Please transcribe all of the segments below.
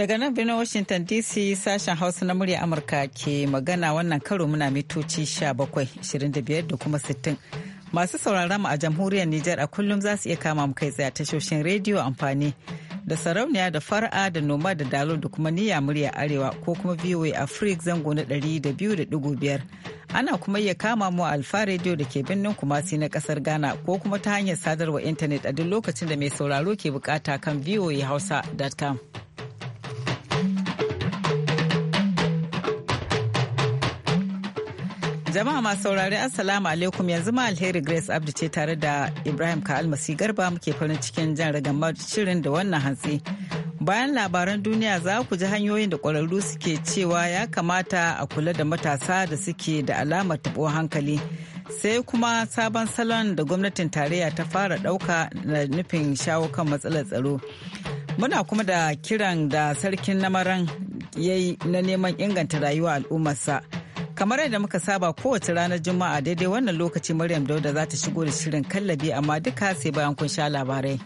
Daga nan birnin Washington DC sashen Hausa na murya Amurka ke magana wannan karo muna mitoci 17-25 da kuma 60. Masu sauraron mu a jamhuriyar Nijar a kullum za su iya kama mu kai tsaye tashoshin rediyo amfani da sarauniya da fara da noma da dalo da kuma niyya murya arewa ko kuma VOA Africa zango na 200.5. Ana kuma iya kama mu a alfa rediyo da ke birnin Kumasi na kasar Ghana ko kuma ta hanyar sadarwa intanet a duk lokacin da mai sauraro ke bukata kan voahausa.com. Jama'a masu saurari Assalamu alaikum yanzu ma alheri Grace Abdi ce tare da Ibrahim Ka'al Masi Garba muke farin cikin jan ragamar shirin da wannan hantsi. Bayan labaran duniya za ku ji hanyoyin da ƙwararru suke cewa ya kamata a kula da matasa da suke da alamar taɓo hankali. Sai kuma sabon salon da gwamnatin tarayya ta fara ɗauka na nufin shawo kan matsalar tsaro. Muna kuma da kiran da sarkin namaran yayi na neman inganta rayuwa al'ummarsa. kamar yadda muka saba kowace ranar juma'a daidai wannan lokaci maryam dauda za ta shigo da shirin kallabi amma duka sai bayan kun sha labarai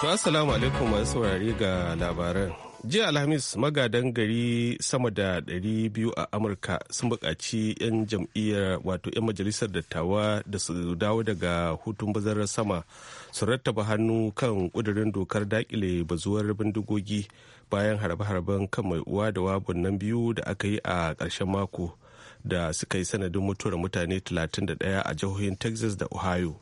to assalamu alaikum masu saurari ga labaran jiya alhamis magadan gari sama da 200 a amurka sun buƙaci 'yan jam'iyyar wato 'yan majalisar dattawa da su dawo daga hutun bazarar sama su rattaba hannu kan kudirin dokar dakile bazuwar bindigogi bayan harbe-harben kan mai uwa da wabon nan biyu da aka yi a ƙarshen mako da suka yi sanadin mutuwar mutane 31 a jihohin texas da ohio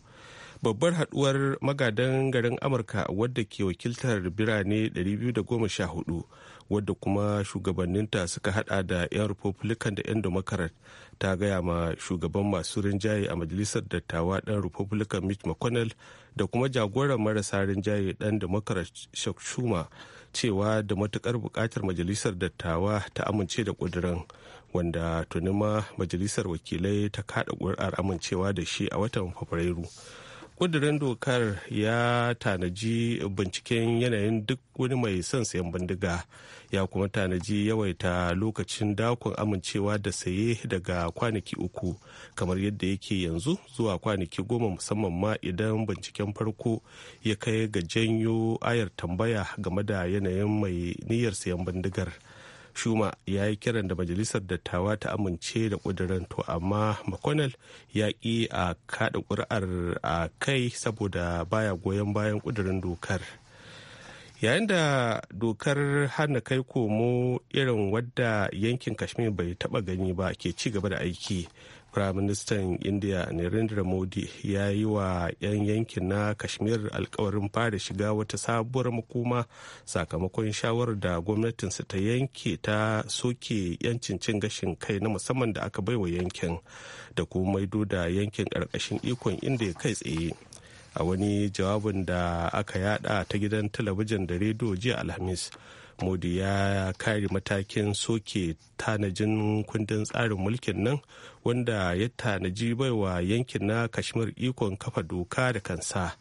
babbar haduwar magadan garin amurka wadda ke wakiltar birane 214 wadda kuma shugabanninta suka hada da 'yan republican da 'yan democrat ta gaya ma shugaban masu rinjaye a majalisar dattawa dan republican mitch mcconnell da kuma jagoran marasa rinjaye dan democrat chuck schumer cewa da matukar bukatar majalisar dattawa ta amince da kudurin wanda tunima majalisar wakilai ta kada kuri'ar amincewa da shi a watan fabrairu kudirin dokar ya tanaji binciken yanayin duk wani mai son sayan bindiga ya kuma tanaji yawaita lokacin dakon amincewa da saye daga kwanaki uku kamar yadda yake yanzu zuwa kwanaki goma musamman ma idan binciken farko ya kai ga janyo ayar tambaya game da yanayin mai niyyar sayan bindigar. Shuma ya yi kiran da majalisar dattawa ta amince da kudirin to amma McConnell ya ki a kada ƙuri'ar a kai saboda baya goyon bayan kudirin dokar. Yayin da dokar hana kai komo irin wadda yankin Kashmir bai taɓa gani ba ke ci gaba da aiki. firaministan india narendra modi ya yi wa 'yan yankin na kashmir alkawarin fara shiga wata sabuwar makoma sakamakon shawarar da gwamnatinsa ta yanke ta soke 'yancin cin gashin kai na musamman da aka baiwa yankin da kuma maido da yankin ƙarƙashin ikon india kai tsaye a wani jawabin da aka yada ta gidan talabijin da rediyo jiya alhamis modi ya kare matakin soke tanajin kundin tsarin mulkin nan wanda ya tanaji baiwa yankin na kashmir ikon kafa doka da kansa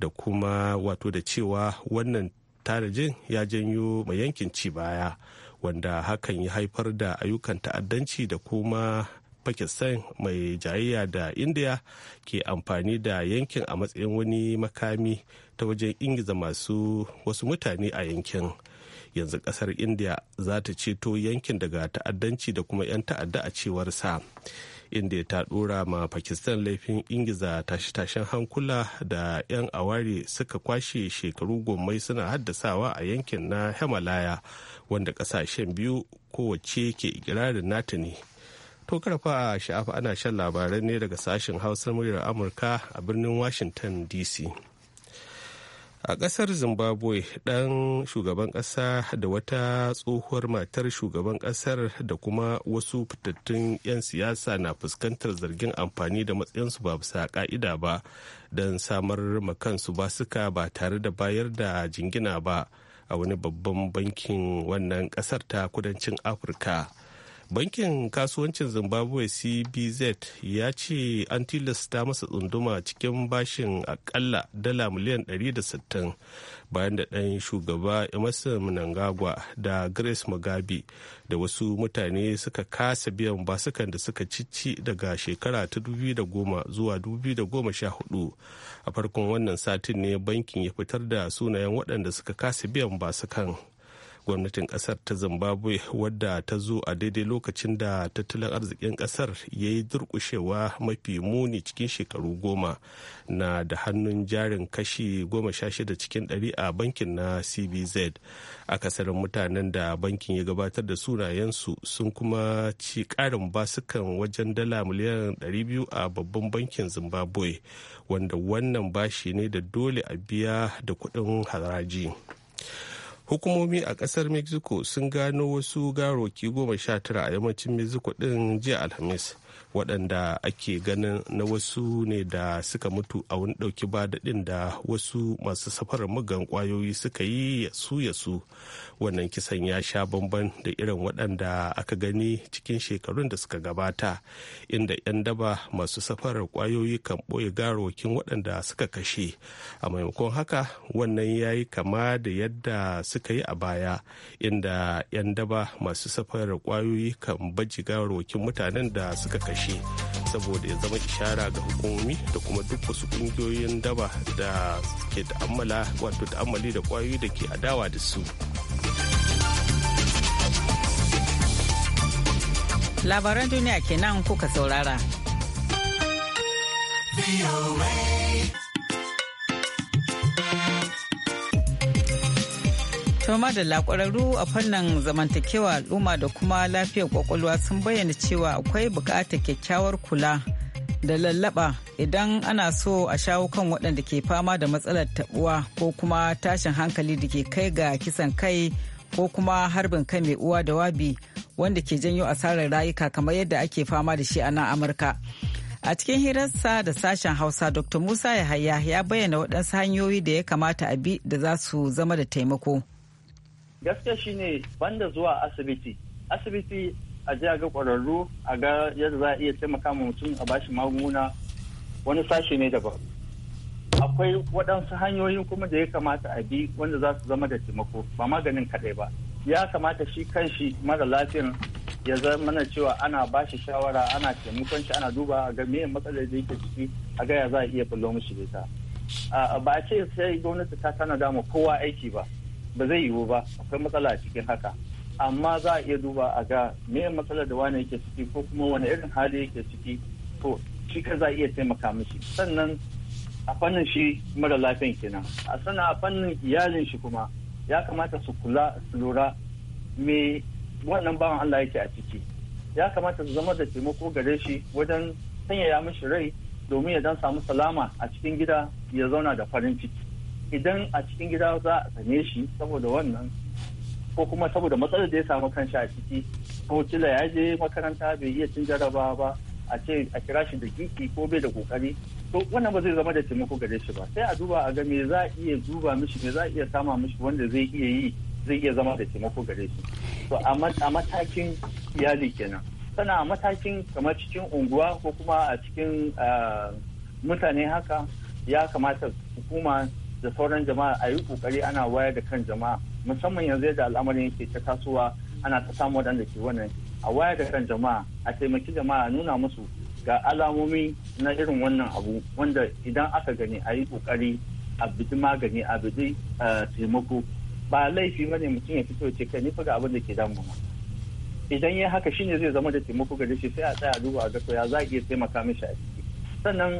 da kuma wato da cewa wannan tanajin ya janyo mai yankin ci baya wanda hakan ya haifar da ayyukan ta'addanci da kuma pakistan mai jayayya da india ke amfani da yankin a matsayin wani makami ta wajen ingiza masu wasu mutane a yankin yanzu kasar india za ta ceto yankin daga ta'addanci da kuma 'yan ta'adda a cewar sa india ta dora ma pakistan laifin ingiza tashe-tashen hankula da 'yan aware suka kwashe shekaru gomai suna haddasawa a yankin na himalaya wanda kasashen biyu kowace ke ikirarin nata ne to karfa sha'afa ana shan labarai ne daga sashen hausar muryar amurka a birnin washington dc a ƙasar zimbabwe ɗan shugaban ƙasa da wata tsohuwar matar shugaban ƙasar da kuma wasu fitattun 'yan siyasa na fuskantar zargin amfani da matsayinsu ba bisa ƙa'ida ba don samar makansu suka ba tare da bayar da jingina ba a wani babban bankin wannan ƙasar ta kudancin afirka bankin kasuwancin zimbabwe cbz ya ce an tilasta masa tsunduma cikin bashin akalla dala miliyan 160 bayan da ɗan shugaba emerson mnangagwa da grace mugabe da wasu mutane suka kasa biyan basukan da suka cici daga shekara ta 2010 zuwa 2014 a farkon wannan satin ne bankin ya fitar da sunayen waɗanda suka kasa biyan basukan. gwamnatin kasar ta zimbabwe wadda ta zo a daidai lokacin da tattalin arzikin kasar ya yi durkushewa mafi muni cikin shekaru goma na da hannun jarin kashi goma sha shida cikin ɗari a bankin na cbz akasarin mutanen da bankin ya gabatar da sunayensu sun kuma ci karin basukan wajen dala miliyan 200 a babban bankin zimbabwe wanda wannan bashi ne da dole a biya da kuɗin haraji. hukumomi a kasar mexico sun gano wasu garoki goma sha tara a yammacin mexico din jiya alhamis waɗanda ake ganin na wasu ne da suka mutu a wani ɗauki daɗin da wasu masu safarar mugan ƙwayoyi suka yi su ya su wannan kisan ya sha bamban da irin waɗanda aka gani cikin shekarun da suka gabata inda 'yan daba masu safarar ƙwayoyi kan ɓoye garwakin waɗanda suka kashe a maimakon haka wannan ya yi kama da yadda suka yi a baya inda 'yan daba masu safarar ƙwayoyi kan baji garwakin mutanen da suka kashe saboda ya zama ishara ga hukumomi da kuma duk wasu kungiyoyin daba da ke ta'ammala wato ta'ammali da kwayoyi da ke adawa da su. Labaran duniya kenan kuka saurara. To da lakwararru a fannin zamantakewa al'umma da kuma lafiyar kwakwalwa sun bayyana cewa akwai bukatar kyakkyawar kula da lallaba idan ana so a shawo kan waɗanda ke fama da matsalar tabuwa ko kuma tashin hankali da ke kai ga kisan kai ko kuma harbin kai mai uwa da wabi wanda ke janyo asarar rayuka kamar yadda ake fama da shi a nan Amurka. A cikin hirarsa da sashen Hausa, Dr. Musa Yahaya ya bayyana waɗansu hanyoyi da ya kamata a bi da za su zama da taimako. gaskiya shine banda zuwa asibiti asibiti a je a ga kwararru a ga yadda za a iya taimaka ma mutum a bashi magunguna wani sashi ne daban akwai waɗansu hanyoyi kuma da ya kamata a bi wanda za su zama da taimako ba maganin kaɗai ba ya kamata shi kanshi mara lafiyan ya zama na cewa ana bashi shawara ana taimakon shi ana duba a ga meye matsalar da yake ciki a ga ya za a iya bulo mishi ba a ce sai gwamnati ta tana damu kowa aiki ba ba zai yiwu ba akwai matsala a cikin haka amma za a iya duba a ga me matsalar da wani yake ciki ko kuma wani irin hali yake ciki to shi ka za a iya taimaka mishi sannan a fannin shi mara lafiyan kenan a sannan a fannin iyalin shi kuma ya kamata su kula su lura me wannan bawan Allah yake a ciki ya kamata su zama da taimako gare shi wajen sanyaya mishi rai domin ya dan samu salama a cikin gida ya zauna da farin ciki idan a cikin gida za a same shi saboda wannan ko kuma saboda matsalar da ya samu kanshi a ciki ko kila ya je makaranta bai iya cin jaraba ba a ce a kira shi da giki ko bai da kokari to wannan ba zai zama da taimako gare shi ba sai a duba a ga me za a iya duba mishi me za a iya sama mishi wanda zai iya yi zai iya zama da taimako gare shi to a matakin iyali kenan sannan a matakin kamar cikin unguwa ko kuma a cikin ah, mutane haka ya kamata hukuma da sauran jama'a a yi kokari ana wayar da kan jama'a musamman yanzu yadda al'amarin yake ta kasuwa ana ta samu waɗanda ke wannan a wayar da kan jama'a a taimaki jama'a nuna musu ga alamomi na irin wannan abu wanda idan aka gani a yi kokari a bidi magani a bidi eh, taimako ba laifi bane mutum ya fito ce kai ni fa ga abin da ke damuna idan ya haka shine zai zama da taimako gare shi sai a tsaya duba a ga ya za taimaka mishi a ciki sannan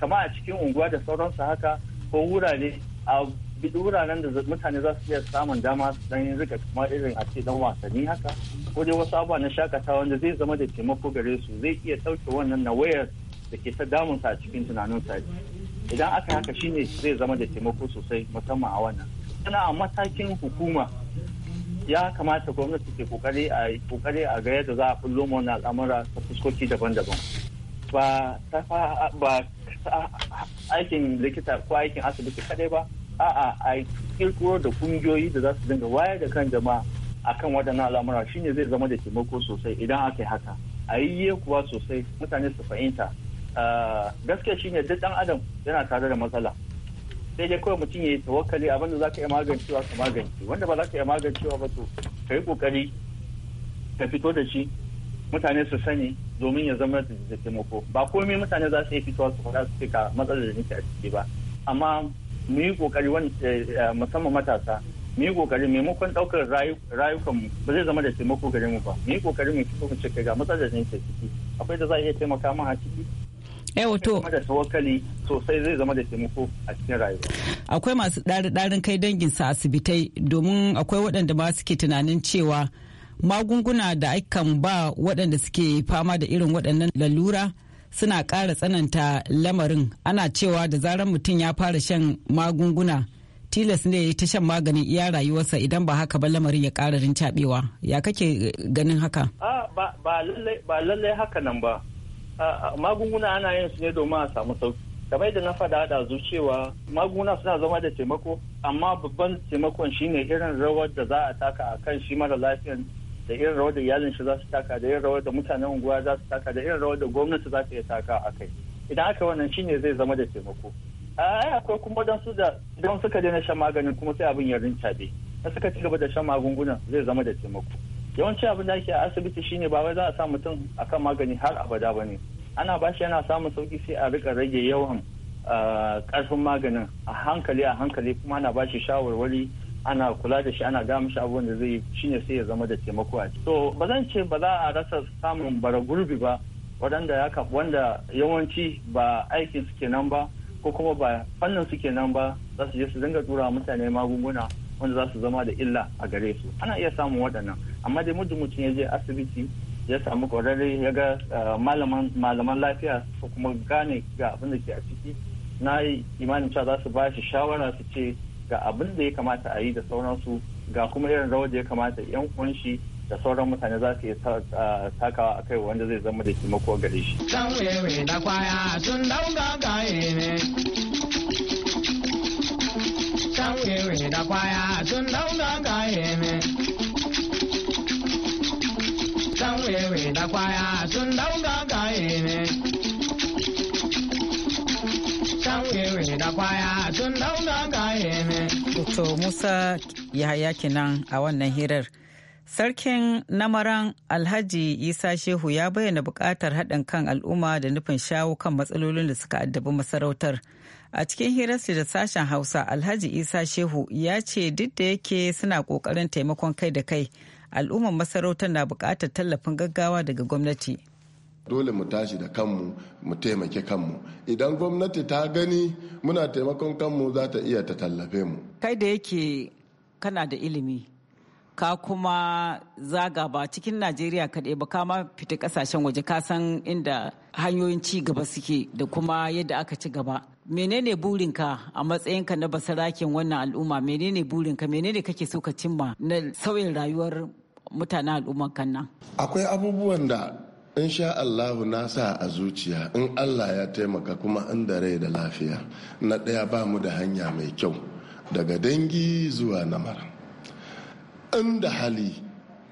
kama a cikin unguwa da sauransu haka ko wurare a wuraren da mutane za su iya samun dama su yin rika kamar irin a ce dan wasanni haka ko dai wasu abubuwa na shakatawa wanda zai zama da taimako gare su zai iya sauke wannan na wayar da ke ta sa a cikin tunanin sa idan aka haka shine zai zama da taimako sosai musamman a wannan yana a matakin hukuma ya kamata gwamnati ke kokari a kokari a ga yadda za a kullo wannan al'amura ta fuskoki daban-daban ba aikin likita ko aikin asibiti kadai ba a'a a kirkiro da kungiyoyi da za su dinga wayar da kan jama'a akan waɗannan al'amura shine zai zama da taimako sosai idan aka yi haka a yi kuwa sosai mutane su fahimta gaskiya shine duk dan adam yana tare da matsala sai dai kawai mutum ya yi tawakkali abin da za ka iya magancewa ka magance wanda ba za ka iya magancewa ba to ka yi kokari ka fito da shi mutane su sani domin ya zama da taimako ba komai mutane za su iya fitowa su faɗa su ka matsalar da nake a ciki ba amma mu yi kokari eh, eh, musamman matasa mu yi kokari maimakon ɗaukar rayukan ba zai zama da taimako gare mu ba mu yi kokari mu fito mu cika kai ga matsalar da nake ciki akwai da za a iya taimaka mu a ciki yawa eh, to da tawakkali sosai zai zama da taimako a cikin rayuwa akwai masu ɗari-ɗarin kai dangin sa asibitai domin akwai waɗanda ma suke tunanin cewa magunguna da akan ba waɗanda suke fama da irin waɗannan lalura suna ƙara tsananta lamarin ana cewa da zarar mutum ya fara shan magunguna tilas ne ta shan maganin iya rayuwarsa idan ba haka ba lamarin ya ƙara rincaɓewa ya kake ganin haka ba lallai haka nan ba magunguna ana yin su ne domin a samu sauki kamar yadda na faɗa da cewa magunguna suna zama da taimako amma babban taimakon shine irin rawar da za a taka a kan shi mara lafiyan da irin rawar da iyalin shi za su taka da irin rawar da mutanen unguwa za su taka da irin rawar da gwamnati za ta iya taka a kai idan aka wannan shine zai zama da taimako a akwai kuma su da don suka daina shan maganin kuma sai abin ya be da suka ci gaba da shan magungunan zai zama da taimako yawanci abin da ake a asibiti shine ba wai za a sa mutum akan magani har abada ba ne ana ba shi yana samun sauki sai a rika rage yawan karfin ah, maganin a hankali a hankali kuma ana ba shi shawarwari ana kula da shi ana ga shi abubuwan da zai shi ne sai ya zama da taimako a to ba zan ce ba za a rasa samun bara gurbi ba waɗanda ya wanda yawanci ba aikin suke nan ba ko kuma ba fannin su nan ba za su je su dinga tura mutane magunguna wanda za su zama da illa a gare su ana iya samun waɗannan amma dai muddin mutum ya je asibiti ya samu ƙwararre ya ga eh, malaman lafiya ko kuma gane ga abin da ke a ciki na imanin cewa za su ba shi shawara su ce ga abin da ya kamata a yi da sauransu ga kuma irin rawar da ya kamata yan kunshi da sauran mutane za su yi takawa a kai wanda zai zama da taimako gare shi. Can wewe da kwaya sun dauga gaye ne. Can da sun dauga gaye ne. wewe da kwaya sun dauga gaye ne. To Musa Yahaya kenan a wannan hirar. Sarkin namaran Alhaji Isa Shehu ya bayyana buƙatar haɗin kan al'umma da nufin shawo kan matsalolin da suka addabi masarautar. A cikin hirarsa da sashen Hausa, Alhaji Isa Shehu ya ce duk da yake suna ƙoƙarin taimakon kai da kai, al'ummar masarautar na buƙatar tallafin gaggawa daga gwamnati. dole mu tashi da kanmu mu taimake kanmu idan gwamnati ta gani muna taimakon kanmu za ta iya ta tallafe mu kai da yake kana da ilimi ka kuma zaga ba cikin najeriya kaɗai ba kama fita ƙasashen waje ka san inda hanyoyin ci gaba suke da kuma yadda aka ci gaba menene burinka a matsayinka na basarakin wannan al'umma menene burinka menene kake so ka cimma na sauyin rayuwar mutanen al'umman kan akwai abubuwan da in sha Allahu na sa a zuciya in Allah ya taimaka kuma in da rai da lafiya na ɗaya ba mu da hanya mai kyau daga dangi zuwa namara in da hali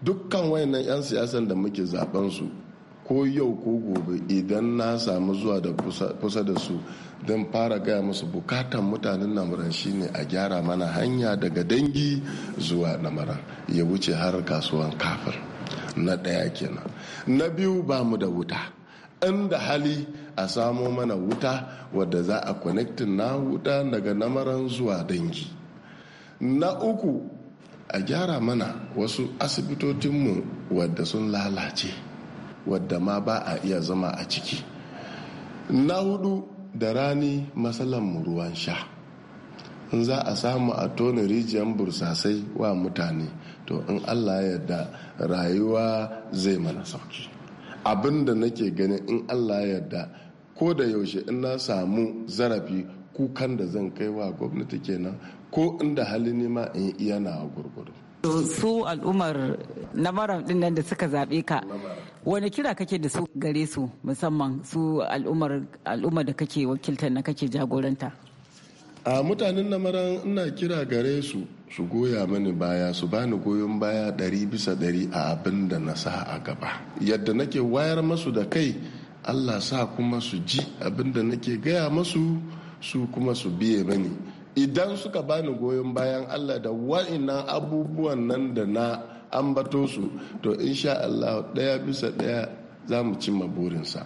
dukkan wayannan 'yan siyasan da muke zaben su ko yau ko gobe idan na samu zuwa da kusa da su don fara gaya musu bukatan mutanen namuran shine a gyara mana hanya daga dangi zuwa namara ya wuce har kasuwan kafir na ɗaya kenan na biyu ba mu da wuta inda hali a samo mana wuta wadda za a connectin na wuta daga namaran zuwa dangi na uku a gyara mana wasu asibitotinmu wadda sun lalace wadda ma ba a iya zama a ciki na hudu da rani mu ruwan sha in za a samu a tona rijiyar bursasai wa mutane to in allah yarda rayuwa zai mana sauki abin da nake ganin in allah yarda ko da yaushe in na samu zarafi kukan da zan kai wa gwamnati kenan ko inda hali nema in iya na gurguru su al'ummar na mara dinnan da suka zaɓe ka wani kira kake da su gare su musamman su al'ummar da kake wakiltar na kake jagoranta a mutanen namaran ina kira gare su su goya mani baya su bani goyon baya ɗari bisa ɗari a abin da na sa a gaba yadda nake wayar masu da kai allah sa kuma su ji abin da nake gaya masu su kuma su biye mani idan suka bani goyon bayan allah da wa'innan abubuwan nan da na ambato su to insha allah ɗaya bisa ɗaya za mu cimma burinsa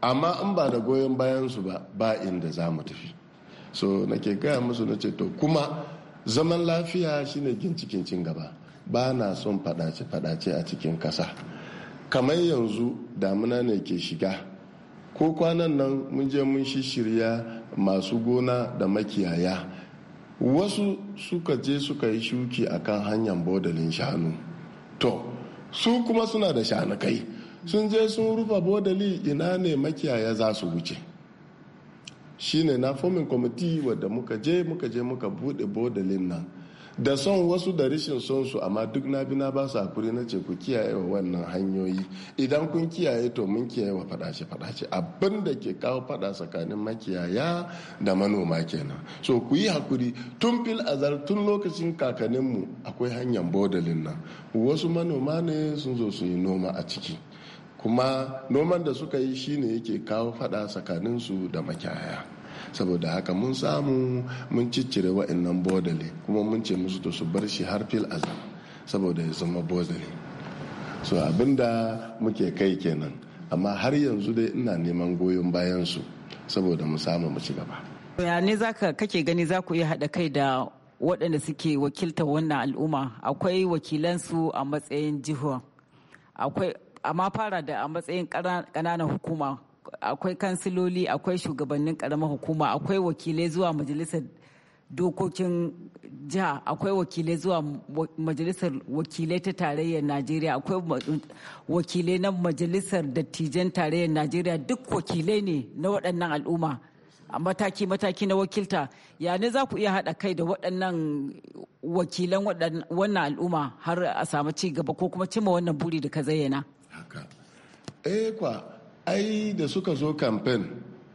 amma in ba da goyon bayansu ba ba inda za mu tafi so na ke gaya musu na ce to kuma zaman lafiya shine gincikin cin gaba ba na son fadace-fadace a cikin kasa kamar yanzu damuna ne ke shiga ko kwanan nan mun je mun shishirya masu gona da makiyaya wasu suka je suka yi shuki a kan hanyar bodalin shanu to su kuma suna da shanukai sun je sun rufe bodali ina ne makiyaya za su wuce shine na fomin kwamiti wadda muka je muka je muka buɗe bodalin nan da son wasu da rishin son su amma duk na bi na ba su hakuri na ce ku kiyaye wa wannan hanyoyi idan kun kiyaye to mun kiyaye wa fadace fadace abin da ke kawo fada tsakanin makiyaya da manoma kenan so ku yi hakuri tun fil azar tun lokacin kakanninmu akwai hanyar bodalin nan wasu manoma ne sun zo su yi noma a ciki kuma noman da suka yi shine yake kawo fada tsakaninsu da makyaya, saboda haka mun samu mun ciccire wa'annan bodale kuma mun ce musu da su bar shi har fil azam saboda ya zama bodale so abinda muke kai kenan amma har yanzu dai ina neman goyon bayan su saboda mu samu mu ci gaba ya ne zaka kake gani za ku iya haɗa kai da waɗanda suke wakiltar wannan al'umma akwai wakilansu a matsayin jiho. akwai amma fara da a matsayin ƙananan hukuma akwai kansiloli akwai shugabannin ƙaramar hukuma akwai wakilai zuwa majalisar dokokin jiha akwai wakilai zuwa majalisar wakilai ta tarayyar najeriya akwai wakilai na majalisar dattijan tarayyar najeriya duk wakilai ne na waɗannan al'umma a mataki-mataki na wakilta ya ne za ku iya haɗa kai da waɗannan wakilan wannan al'umma har a samu ci gaba ko kuma cimma wannan buri da ka zayyana eh kwa ai da suka zo kamfen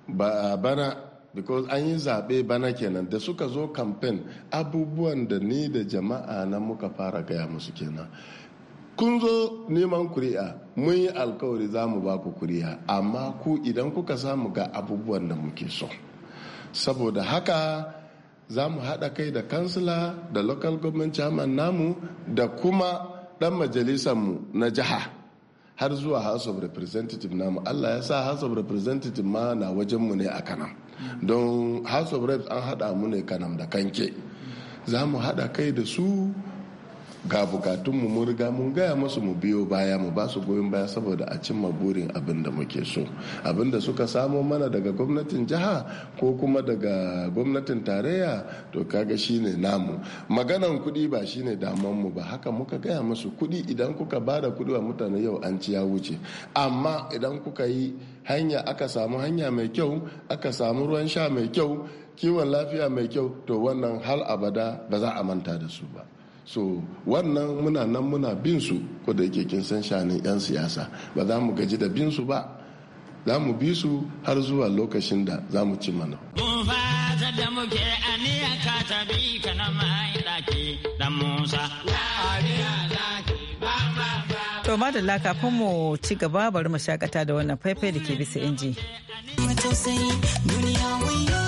ba a bana because an yi zaɓe bana kenan da suka zo kamfen abubuwan da ni da jama'a na muka fara gaya musu kenan kun zo neman kuri'a mun yi alkawari za mu ba ku kuri'a amma ku idan kuka samu ga abubuwan da muke so saboda haka za mu haɗa kai da kansila da local government chairman namu da kuma ɗan majalisarmu na jiha har zuwa house of representative namu allah ya sa house of representative ma na wajenmu ne a kanam don house of reps an haɗa mu ne kanam da kanke za mu haɗa kai da su ga bukatunmu mun riga mun gaya musu mu biyo baya mu ba su goyon baya saboda a cimma burin abin da muke so abin da suka samo mana daga gwamnatin jiha ko kuma daga gwamnatin tarayya to kaga shine namu maganan kuɗi ba shine daman mu ba haka muka gaya musu kuɗi idan kuka ba da kuɗi wa mutane yau an ci ya wuce amma idan kuka yi hanya aka samu hanya mai kyau aka samu ruwan sha mai kyau kiwon lafiya mai kyau to wannan hal abada ba za a manta da su ba so wannan muna nan muna bin su ko da yake kin san shanin 'yan siyasa ba za mu gaji da bin su ba za mu bi su har zuwa lokacin da za mu ci mana. da muke da musa to madalla kafin mu ci gaba bari mu shakata da wannan faifai da ke bisa inji. duniya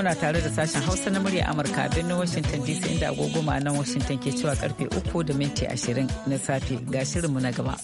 kuna tare da sashen Hausa na murya Amurka birnin Washington DC inda agogo nan Washington ke cewa karfe 3 da minti 20 na safe ga shirinmu na gaba.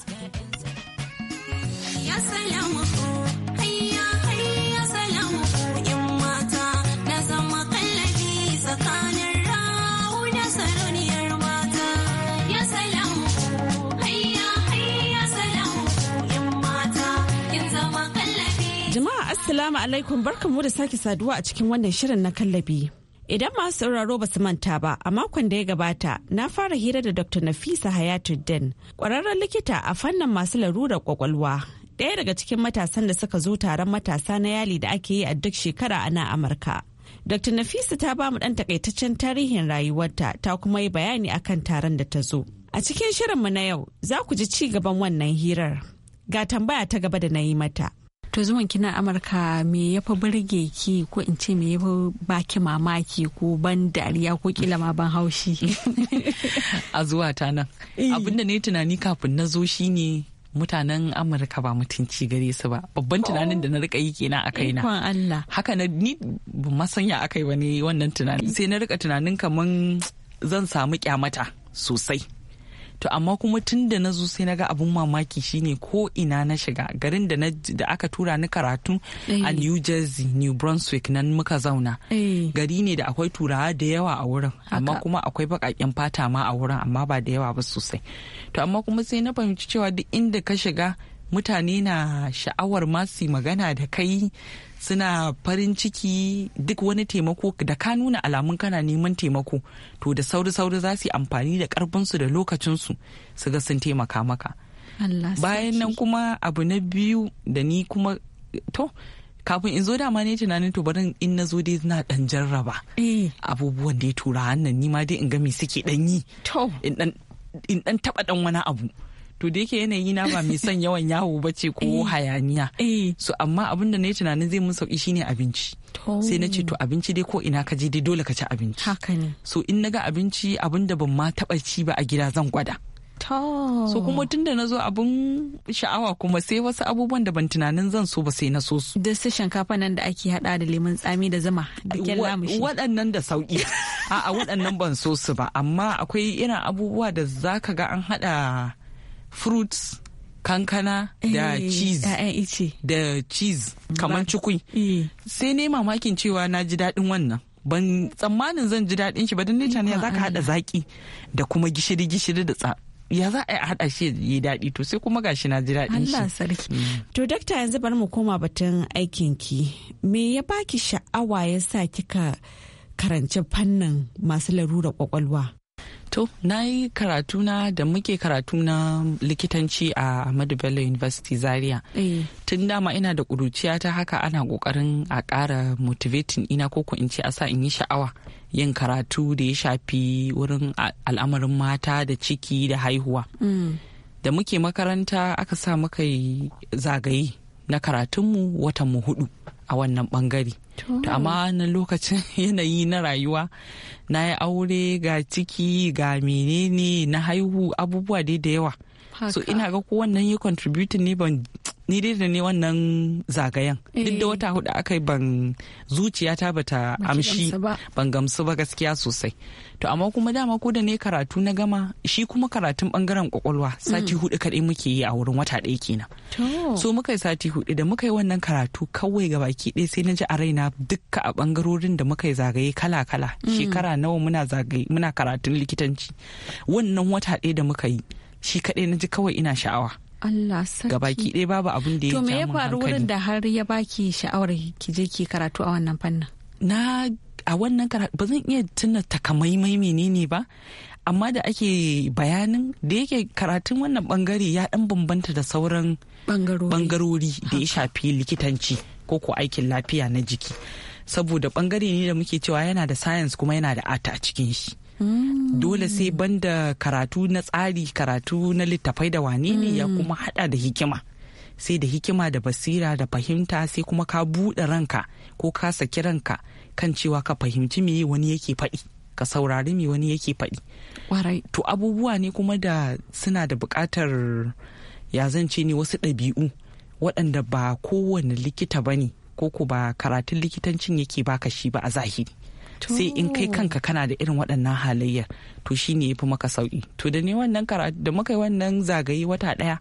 Assalamu alaikum barkanmu da sake saduwa a cikin wannan shirin na kallabi. Idan masu sauraro ba su manta ba, a makon da ya gabata na fara hira da Dr. Nafisa Hayatuddin, ƙwararren likita a fannin masu larurar kwakwalwa. Ɗaya daga cikin matasan da suka zo taron matasa na yali da ake yi a duk shekara a nan Amurka. Dr. Nafisa ta ba mu ɗan takaitaccen tarihin rayuwarta ta kuma yi bayani akan taron da ta zo. A cikin shirin mu na yau za ku ji ci gaban wannan hirar. Ga tambaya ta gaba da na yi mata. to zuwan kina amurka me ya fi burge ki ko in ce me ya fi baki mamaki ko ban dariya ko kila ma ban haushi a zuwa ta nan eh. abinda ne tunani kafin na zo shine mutanen amurka ba mutunci gare su ba babban tunanin da na rika yi kenan a kai na haka na ni masanya akai wani wannan tunanin sai na rika tunanin kaman zan samu kyamata sosai to amma kuma tun da na zo sai na ga abun mamaki shine ko ina na shiga garin da da aka tura ni karatu a eh. New Jersey New Brunswick nan muka zauna eh. gari ne da akwai turawa da yawa a wurin amma kuma akwai bakakken fata ma a wurin amma ba da yawa ba sosai to amma kuma sai na fahimci cewa duk inda ka shiga mutane na sha'awar masu magana da kai suna farin ciki duk wani taimako da ka nuna alamun kana neman taimako to da sauri sauri za su yi amfani da karfinsu da lokacinsu su ga sun taimaka maka bayan nan kuma abu na biyu da ni kuma to kafin in zo dama ne tunanin to barin in na zo dai na dan jarraba eh. abubuwan da ya tura hannun ni dai in ga me suke dan yi in dan taba dan wani abu to da yake yanayi na ba mai son yawan yawo ba ce ko eh. hayaniya eh. so amma abin da na yi tunanin zai mun sauki shine abinci sai na ce to abinci dai ko ina ka je dai dole ka ci abinci haka ne so in na ga abinci abin da ban ma taba ci ba a gida zan gwada So kuma tun da na abin sha'awa kuma sai wasu abubuwan da ban tunanin zan so ba sai na so su. da su shinkafa nan da ake hada da lemun tsami da zuma da kyan Waɗannan da sauƙi. A'a waɗannan ban so su ba amma akwai irin abubuwa da zaka ga an hada fruits kankana da eh, cheese da cheese kamar cikui eh. sai ne mamakin cewa na ji daɗin wannan ban tsammanin zan ji daɗin shi ba don ne ya zaka haɗa zaki da kuma gishiri gishiri da tsa ya za a haɗa shi yi daɗi to sai kuma gashi na ji daɗin shi. Allah sarki. Mm. To dakta yanzu bari mu koma batun aikin ki. Me ya baki sha'awa ya sa kika karanci fannin masu larura kwakwalwa? To, na yi karatuna da muke karatu na likitanci a Ahmadu Bello University Zaria. Eh. Tun dama ina da ƙuruciya ta haka ana ƙoƙarin a kara motivating ina ko in ce a sa in yi sha'awa yin karatu da ya shafi wurin al'amarin mata da ciki da haihuwa. Mm. Da muke makaranta aka sa muka zagaye na karatunmu watan mu hudu. a wannan bangare to amma na lokacin yanayi na rayuwa na yi aure ga ciki ga menene na haihu abubuwa dai da yawa so ina ga ko wannan yi contributing ne ban ni dai da ne wannan zagayen duk da eh. wata hudu aka yi ban ta bata amshi ban gamsu ba gaskiya sosai to amma kuma dama ko da ne karatu na gama shi kuma karatun bangaren kwakwalwa sati mm. hudu kadai muke yi a wurin wata ɗaya kenan so muka yi sati hudu da muka yi wannan karatu kawai ga baki ɗaya sai na ji a raina dukka a bangarorin da muka yi zagaye kala kala mm. shekara nawa muna zagaye muna karatun likitanci wannan wata ɗaya da muka yi shi kadai na ji kawai ina sha'awa Allah sarki. Gabaki ɗaya babu abin da ya To me ya faru wurin da har ya baki sha'awar ki je ki karatu a wannan fannin? Na a wannan karatu ba zan iya tuna takamaimai menene ba amma da ake bayanin da yake karatun wannan bangare ya ɗan bambanta da sauran bangarori da ya shafi likitanci ko ko aikin lafiya na jiki saboda bangare ne da muke cewa yana da science kuma yana da art a cikin shi. Mm. dole sai banda karatu na tsari karatu na littafai da wane ne ya mm. kuma hada da hikima sai da hikima da basira da fahimta sai kuma ka buɗe ranka ko ka saki ranka kan cewa ka fahimci me wani yake faɗi ka saurari me wani yake faɗi to abubuwa ne kuma da suna da bukatar ya zance ne wasu ɗabi'u waɗanda ba kowane likita ba ne ko ku ba karatun likitancin yake baka shi ba a zahiri sai in kai kanka kana da irin waɗannan halayya to shine fi maka sauƙi to da ne wannan karatu da muka yi wannan zagaye wata ɗaya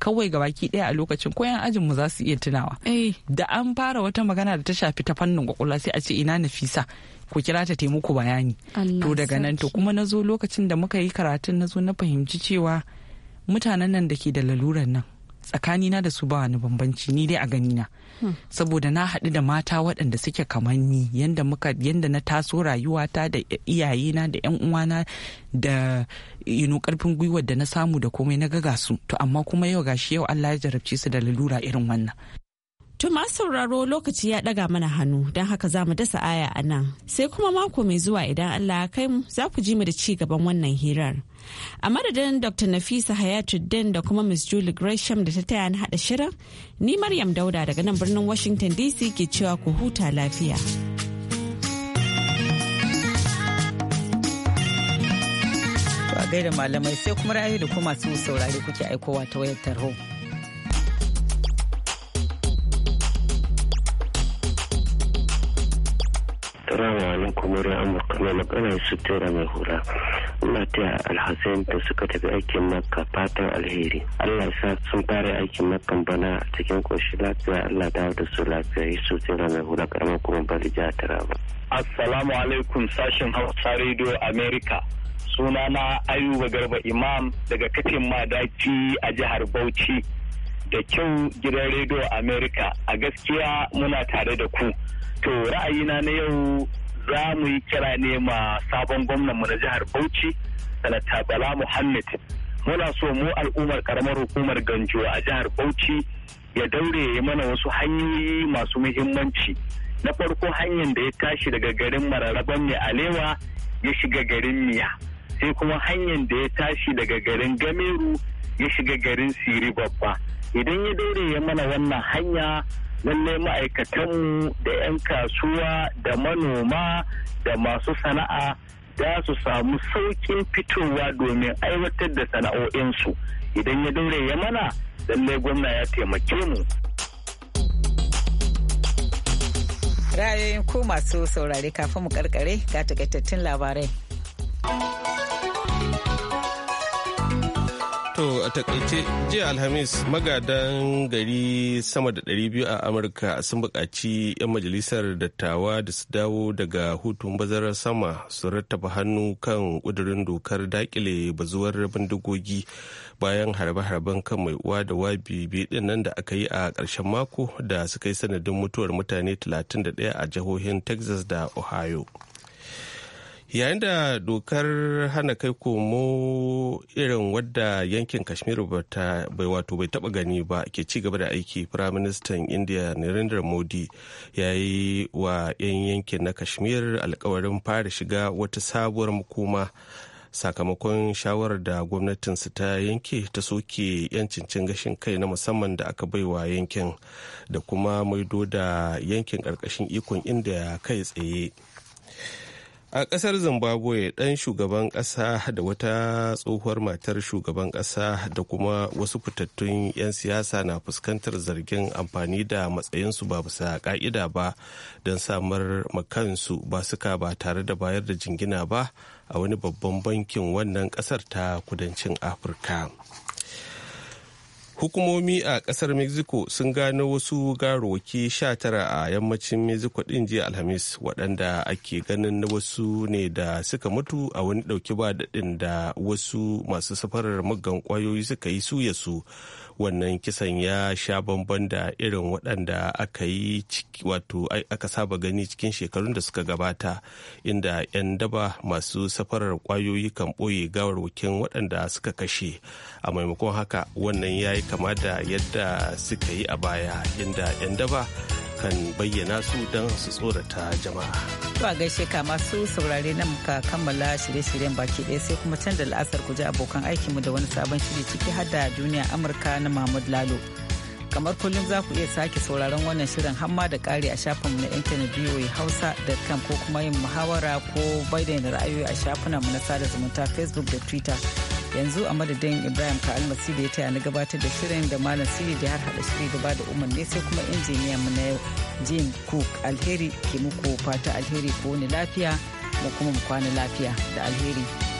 kawai ga baki ɗaya a lokacin ko yan ajin mu za su iya tunawa eh. da an fara wata magana da ta shafi ta fannin kwakwalwa sai a ce ina nafisa ku kira ta taimako bayani to daga nan to kuma na zo lokacin da muka yi karatun na zo na fahimci cewa mutanen nan da ke da laluran nan tsakanina da su ba wani bambanci ni dai a ganina saboda na haɗu da mata waɗanda suke kamar ni yanda muka yanda na taso rayuwata da iyayena da yan uwana da inu karfin gwiwar da na samu da komai na ga su to amma kuma yau gashi yau Allah ya jarabce su da lalura irin wannan To masu sauraro lokaci ya ɗaga mana hannu don haka za mu dasa aya a nan. Sai kuma mako mai zuwa idan Allah ya kai mu za ku ji mu da ci gaban wannan hirar. A madadin Dr. Nafisa hayatu Hayatuddin da kuma Ms. Julie Gresham da ta taya ni haɗa shirin, ni Maryam Dauda daga nan birnin Washington DC ke cewa ku huta lafiya. Ba gaida malamai sai kuma ra'ayi da kuma masu saurari kuke aikowa ta wayar tarho. Assalamu na kwamarin Amurka mai magana su tera mai hula. Ina taya da suka tafi aikin makka fatan alheri. Allah sa sun fara aikin makka bana a cikin koshi lafiya Allah ta da su lafiya su tera mai hula karamar kuma bari a Taraba. Assalamu alaikum sashen Hausa Radio America. Sunana Ayuba Garba Imam daga kafin madaki a jihar Bauchi. da kyau gidan rediyo Amerika a gaskiya muna tare da ku to ra'ayina na yau za mu yi kira ne ma sabon gwamnanmu na jihar bauchi sanata bala muhammad muna so mu al'ummar karamar hukumar ganjo a jihar bauchi ya daure ya mana wasu hanyoyi masu muhimmanci na farko hanyar da ya tashi daga garin mararaban mai alewa ya shiga garin miya sai kuma hanyar da ya tashi daga garin gameru ya shiga garin siri babba idan ya daure ya mana wannan hanya lallai ma'aikatanmu da 'yan kasuwa da manoma da masu sana'a za su samu sauƙin fitowa domin aiwatar da sana'o'insu idan ya daure ya mana lallai gwamna ya taimake mu ra'ayoyin ko masu saurare kafin mu karkare ga takaitattun labarai takaice jiya alhamis magadan gari sama da 200 a amurka sun buƙaci 'yan majalisar dattawa da su dawo daga hutun bazarar sama su rattaba hannu kan ƙudurin dokar dakile bazuwar bindigogi bayan harbe-harben kan mai uwa da wabi biɗin nan da aka yi a ƙarshen mako da suka yi sanadin mutuwar mutane 31 a jihohin texas da ohio yayin da dokar hana kai komo irin wadda yankin kashmir bai wato bai taba gani ba ke ci gaba da aiki firaministan india narendra modi ya yi wa 'yan yankin na kashmir alkawarin fara shiga wata sabuwar makoma sakamakon shawarar da gwamnatinsu ta yanke ta soke yancin cin gashin kai na musamman da aka baiwa yankin da kuma maido da yankin ƙarƙashin ikon inda kai tsaye. a ƙasar zimbabwe ɗan shugaban ƙasa da wata tsohuwar matar shugaban ƙasa da kuma wasu fitattun 'yan siyasa na fuskantar zargin amfani da matsayinsu ba bisa ƙa'ida ba don samar makansu ba suka ba tare da bayar da jingina ba a wani babban bankin wannan ƙasar ta kudancin afirka hukumomi a kasar mexico sun gano wasu garowaki 19 a yammacin mexico din jiya alhamis waɗanda ake ganin na wasu ne da suka mutu a wani ɗauki ba daɗin da wasu masu safarar muggan ƙwayoyi suka yi su su wannan kisan ya sha bamban da irin waɗanda aka yi wato aka saba gani cikin shekarun da suka gabata inda 'yan daba masu safarar kwayoyi kan ɓoye gawarwakin waɗanda suka kashe a maimakon haka wannan ya yi kama da yadda suka yi a baya inda 'yan daba kan bayyana su don su tsorata jama'a. To a gaishe ka masu saurare na muka kammala shirye-shiryen baki ɗaya sai kuma canza la'asar ku ji abokan aikinmu da wani sabon shiri ciki har da duniya Amurka na Mahmud Lalo. Kamar kullum za ku iya sake sauraron wannan shirin hamma da ƙari a shafinmu na intanet hausa da hausa.com ko kuma yin muhawara ko bayyana ra'ayoyi a shafinanmu na sada zumunta facebook da twitter. yanzu a madadin ibrahim ka almasi ya taya na gabatar da shirin da malam siri da har hada shiri gaba da umarni sai kuma injiniya mu na yau jim cook alheri ke muku fata alheri ko wani lafiya mu kuma mu kwana lafiya da alheri